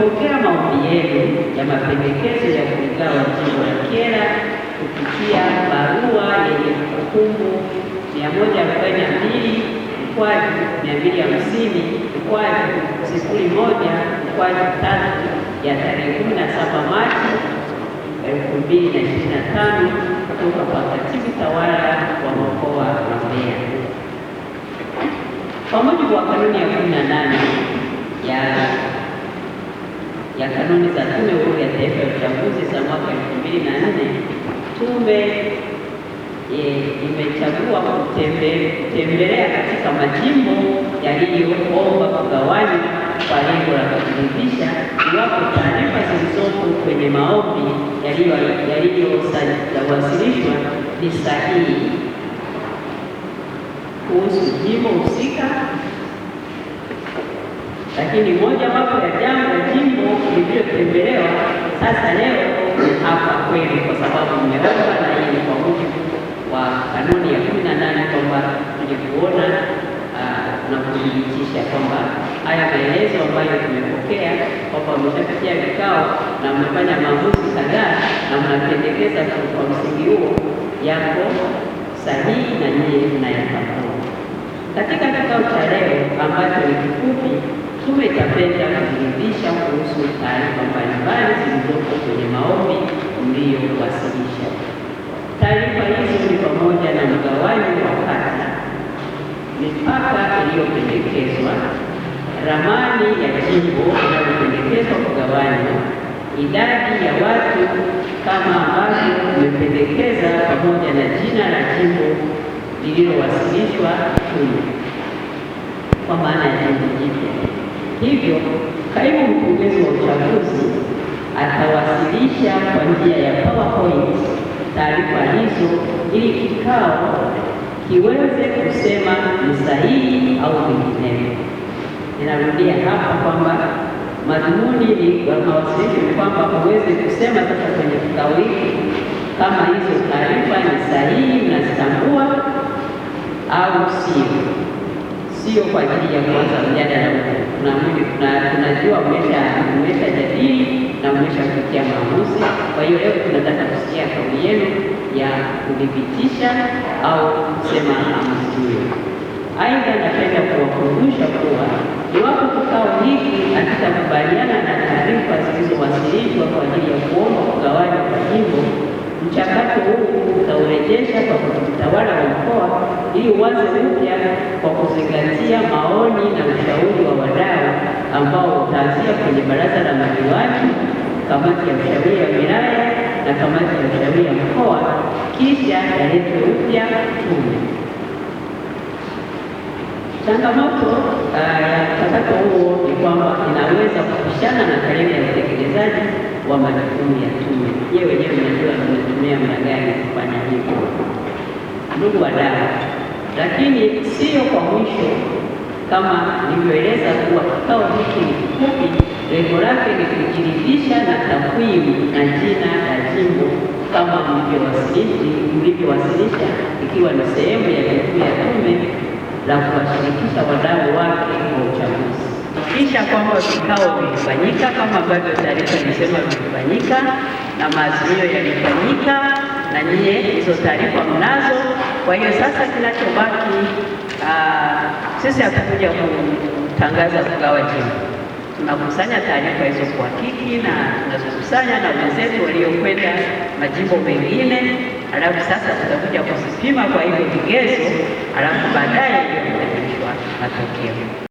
Tumepokea maombi yenu ya mapendekezo ya kuligawa jimbo la Kyela kupitia barua yenye kumbukumbu 142 mkwaju 250 mkwaju 01 mkwaju tatu ya tarehe 17 Machi 2025 kutoka kwa katibu tawala wa mkoa wa Mbeya kwa mujibu wa kanuni ya 18 ya ya kanuni za Tume Huru ya Taifa ya Uchaguzi za mwaka elfu mbili na tume e, imechagua kutembelea katika majimbo yaliyoomba kugawanywa kwa lengo la kujiridhisha iwapo taarifa zilizopo kwenye maombi yaliyowasilishwa ni sahihi kuhusu jimbo husika, lakini moja wapo ya iliyotembelewa sasa leo hapa kweli, kwa sababu mmeomba na hii ni kwa mujibu wa kanuni ya kumi na nane kwamba tulikuona ah, na kuthibitisha kwamba haya maelezo ambayo tumepokea kwamba mmeshapitia vikao na mmefanya maamuzi kadhaa na mnapendekeza kwa msingi huo yako sahihi na nyinyi mnayatambua. Katika kikao cha leo ambacho ni kifupi Tume itapenda kukujulisha kuhusu taarifa mbalimbali zilizoko kwenye maombi mliyowasilisha. Taarifa hizo ni pamoja na mgawanyo wa kata, mipaka iliyopendekezwa, ramani ya jimbo inayopendekezwa kugawanywa, idadi ya watu kama ambavyo umependekeza, pamoja na jina la jimbo lililowasilishwa Tume kwa maana ya jimbo jipya. Hivyo kaimu mkurugenzi wa uchaguzi atawasilisha kwa njia ya PowerPoint taarifa hizo ili kikao kiweze kusema ni sahihi au vinginevyo. Ninarudia hapa kwamba madhumuni ni mawasilisho ni kwamba waweze kusema sasa kwenye kikao hiki kama hizo taarifa ni sahihi, mnazitambua au sio sio kwa ajili ya kuanza mjadala tunajua mmesha jadili na mmesha kufikia maamuzi. Kwa hiyo leo tunataka kusikia kauli yenu ya kudhibitisha au kusema maamuzi Aidha, napenda kuwakumbusha kuwa iwapo kikao hiki hakitakubaliana na taarifa zilizowasilishwa kwa ajili ya kuomba kugawanywa kwa jimbo, mchakato huu utaurejesha kwa mtawala wa mkoa ili uanze upya kutoka kwenye baraza la madiwani, kamati ya ushauri ya wilaya na kamati ya ushauri ya mkoa, kisha yaletwe upya tume. Changamoto ah, ya mchakato huo ni kwamba inaweza kupishana na kalenda ya utekelezaji wa majukumu ya tume. Yeye wenyewe mnajua tunatumia muda gani kufanya hivyo, ndugu wadau? Lakini sio kwa mwisho, kama nilivyoeleza kuwa kikao kujiridhisha na takwimu na jina la jimbo kama mlivyowasilisha, ikiwa ni sehemu ya jukumu ya tume la kuwashirikisha wadau wake wa uchaguzi, kisha kwamba vikao vilifanyika kama ambavyo taarifa ilisema vilifanyika na maazimio yalifanyika, na nyie hizo taarifa mnazo. Kwa hiyo sasa kinachobaki, ah, sisi hatukuja kutangaza kugawa jimbo tunakusanya taarifa hizo kwa kiki na tunazokusanya na wenzetu waliokwenda majimbo mengine, alafu sasa tutakuja kuzipima kwa hivyo vigezo, halafu baadaye ndio matokeo.